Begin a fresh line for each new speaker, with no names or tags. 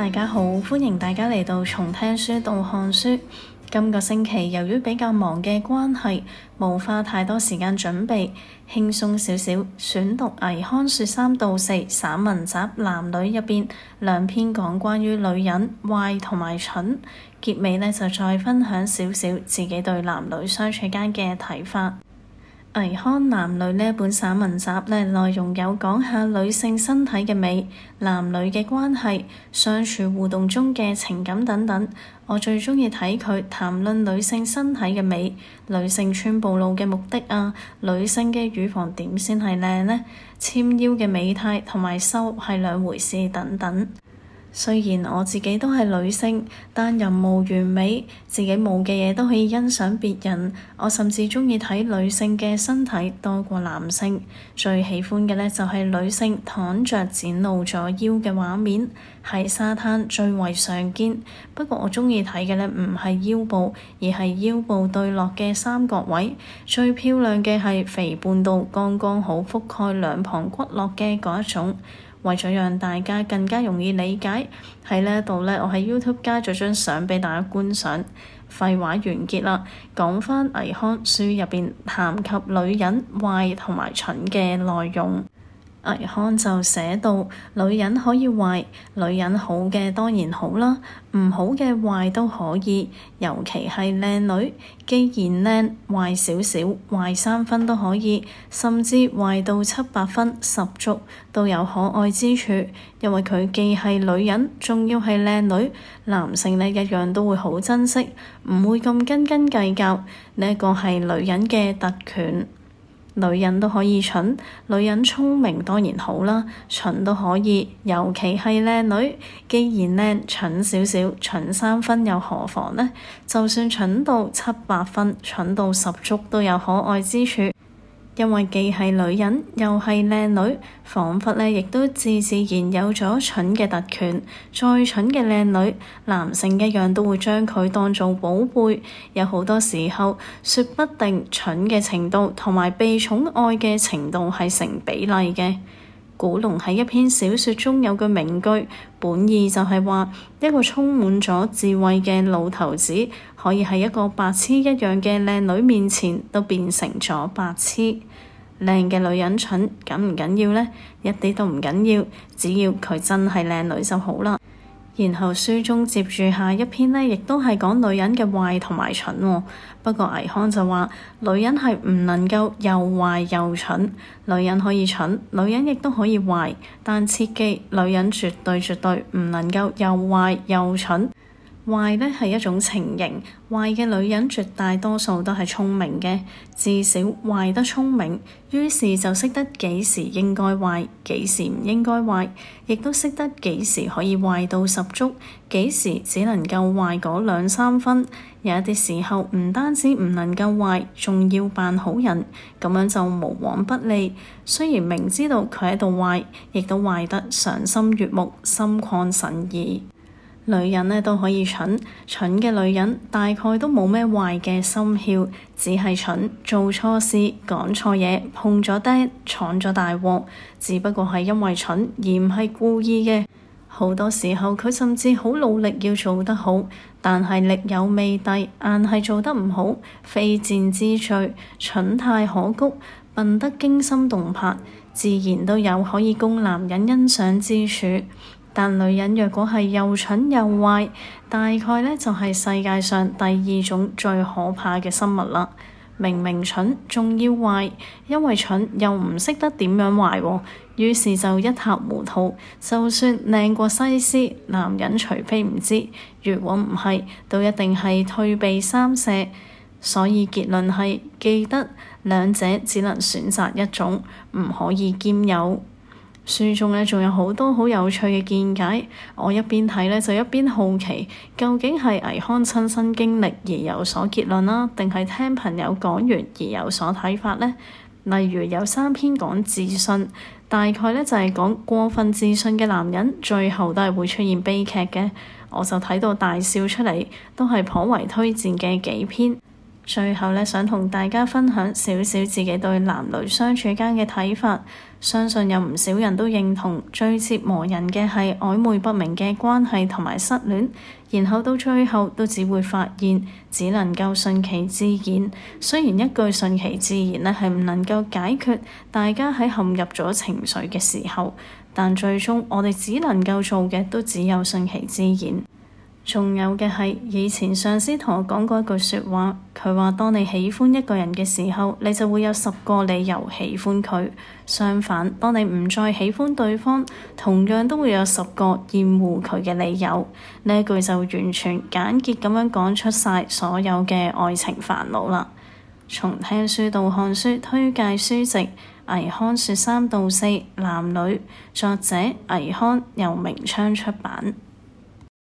大家好，歡迎大家嚟到從聽書到看書。今個星期由於比較忙嘅關係，冇花太多時間準備，輕鬆少少選讀《倪匡說三道四散文集》，男女入邊兩篇講關於女人壞同埋蠢，結尾呢就再分享少少自己對男女相處間嘅睇法。倪匡《男女》呢本散文集呢，內容有講下女性身體嘅美、男女嘅關係，相處互動中嘅情感等等。我最中意睇佢談論女性身體嘅美、女性穿暴露嘅目的啊、女性嘅乳房點先係靚呢，纖腰嘅美態同埋瘦係兩回事等等。雖然我自己都係女性，但人無完美，自己冇嘅嘢都可以欣賞別人。我甚至鍾意睇女性嘅身體多過男性。最喜歡嘅呢，就係女性躺着展露咗腰嘅畫面，喺沙灘最為常見。不過我鍾意睇嘅呢，唔係腰部，而係腰部對落嘅三角位。最漂亮嘅係肥胖到剛剛好覆蓋兩旁骨骼嘅嗰一種。為咗讓大家更加容易理解，喺呢度咧，我喺 YouTube 加咗張相畀大家觀賞。廢話完結啦，講返《倪匡》書入邊談及女人壞同埋蠢嘅內容。倪匡就寫到：女人可以壞，女人好嘅當然好啦，唔好嘅壞都可以，尤其係靚女，既然靚，壞少少，壞三分都可以，甚至壞到七八分十足都有可愛之處，因為佢既係女人，仲要係靚女，男性咧一樣都會好珍惜，唔會咁斤斤計較，呢一個係女人嘅特權。女人都可以蠢，女人聰明當然好啦，蠢都可以，尤其係靚女。既然靚，蠢少少，蠢三分又何妨呢？就算蠢到七八分，蠢到十足都有可愛之處。因為既係女人，又係靚女，彷彿呢亦都自自然有咗蠢嘅特權。再蠢嘅靚女，男性一樣都會將佢當做寶貝。有好多時候，說不定蠢嘅程度同埋被寵愛嘅程度係成比例嘅。古龍喺一篇小說中有句名句，本意就係話一個充滿咗智慧嘅老頭子，可以喺一個白痴一樣嘅靚女面前都變成咗白痴。靚嘅女人蠢，緊唔緊要呢？一啲都唔緊要，只要佢真係靚女就好啦。然後書中接住下一篇呢，亦都係講女人嘅壞同埋蠢，哦。不過倪匡就話，女人係唔能夠又壞又蠢。女人可以蠢，女人亦都可以壞，但切記女人絕對絕對唔能夠又壞又蠢。壞呢係一種情形，壞嘅女人絕大多數都係聰明嘅，至少壞得聰明，於是就識得幾時應該壞，幾時唔應該壞，亦都識得幾時可以壞到十足，幾時只能夠壞嗰兩三分，有一啲時候唔單止唔能夠壞，仲要扮好人，咁樣就無往不利。雖然明知道佢喺度壞，亦都壞得賞心悅目、心曠神怡。女人呢都可以蠢，蠢嘅女人大概都冇咩壞嘅心竅，只係蠢，做錯事，講錯嘢、碰咗釘、闖咗大禍，只不過係因為蠢而唔係故意嘅。好多時候佢甚至好努力要做得好，但係力有未逮，硬係做得唔好，非戰之罪，蠢態可掬，笨得驚心動魄，自然都有可以供男人欣賞之處。但，女人若果係又蠢又壞，大概呢就係世界上第二種最可怕嘅生物啦。明明蠢，仲要壞，因為蠢又唔識得點樣壞，於是就一塌糊塗。就算靚過西施，男人除非唔知，如果唔係，都一定係退避三舍。所以結論係，記得兩者只能選擇一種，唔可以兼有。書中呢仲有好多好有趣嘅見解，我一邊睇呢就一邊好奇，究竟係倪匡親身經歷而有所結論啦，定係聽朋友講完而有所睇法呢？例如有三篇講自信，大概呢就係講過分自信嘅男人最後都係會出現悲劇嘅，我就睇到大笑出嚟，都係頗為推薦嘅幾篇。最後呢，想同大家分享少少自己對男女相處間嘅睇法，相信有唔少人都認同最折磨人嘅係曖昧不明嘅關係同埋失戀，然後到最後都只會發現只能夠順其自然。雖然一句順其自然呢係唔能夠解決大家喺陷入咗情緒嘅時候，但最終我哋只能夠做嘅都只有順其自然。仲有嘅係，以前上司同我講過一句說話，佢話：當你喜歡一個人嘅時候，你就會有十個理由喜歡佢；相反，當你唔再喜歡對方，同樣都會有十個厭惡佢嘅理由。呢句就完全簡潔咁樣講出晒所有嘅愛情煩惱啦。從聽書到看書，推介書籍《倪匡說三道四男女》，作者倪匡，由明窗出版。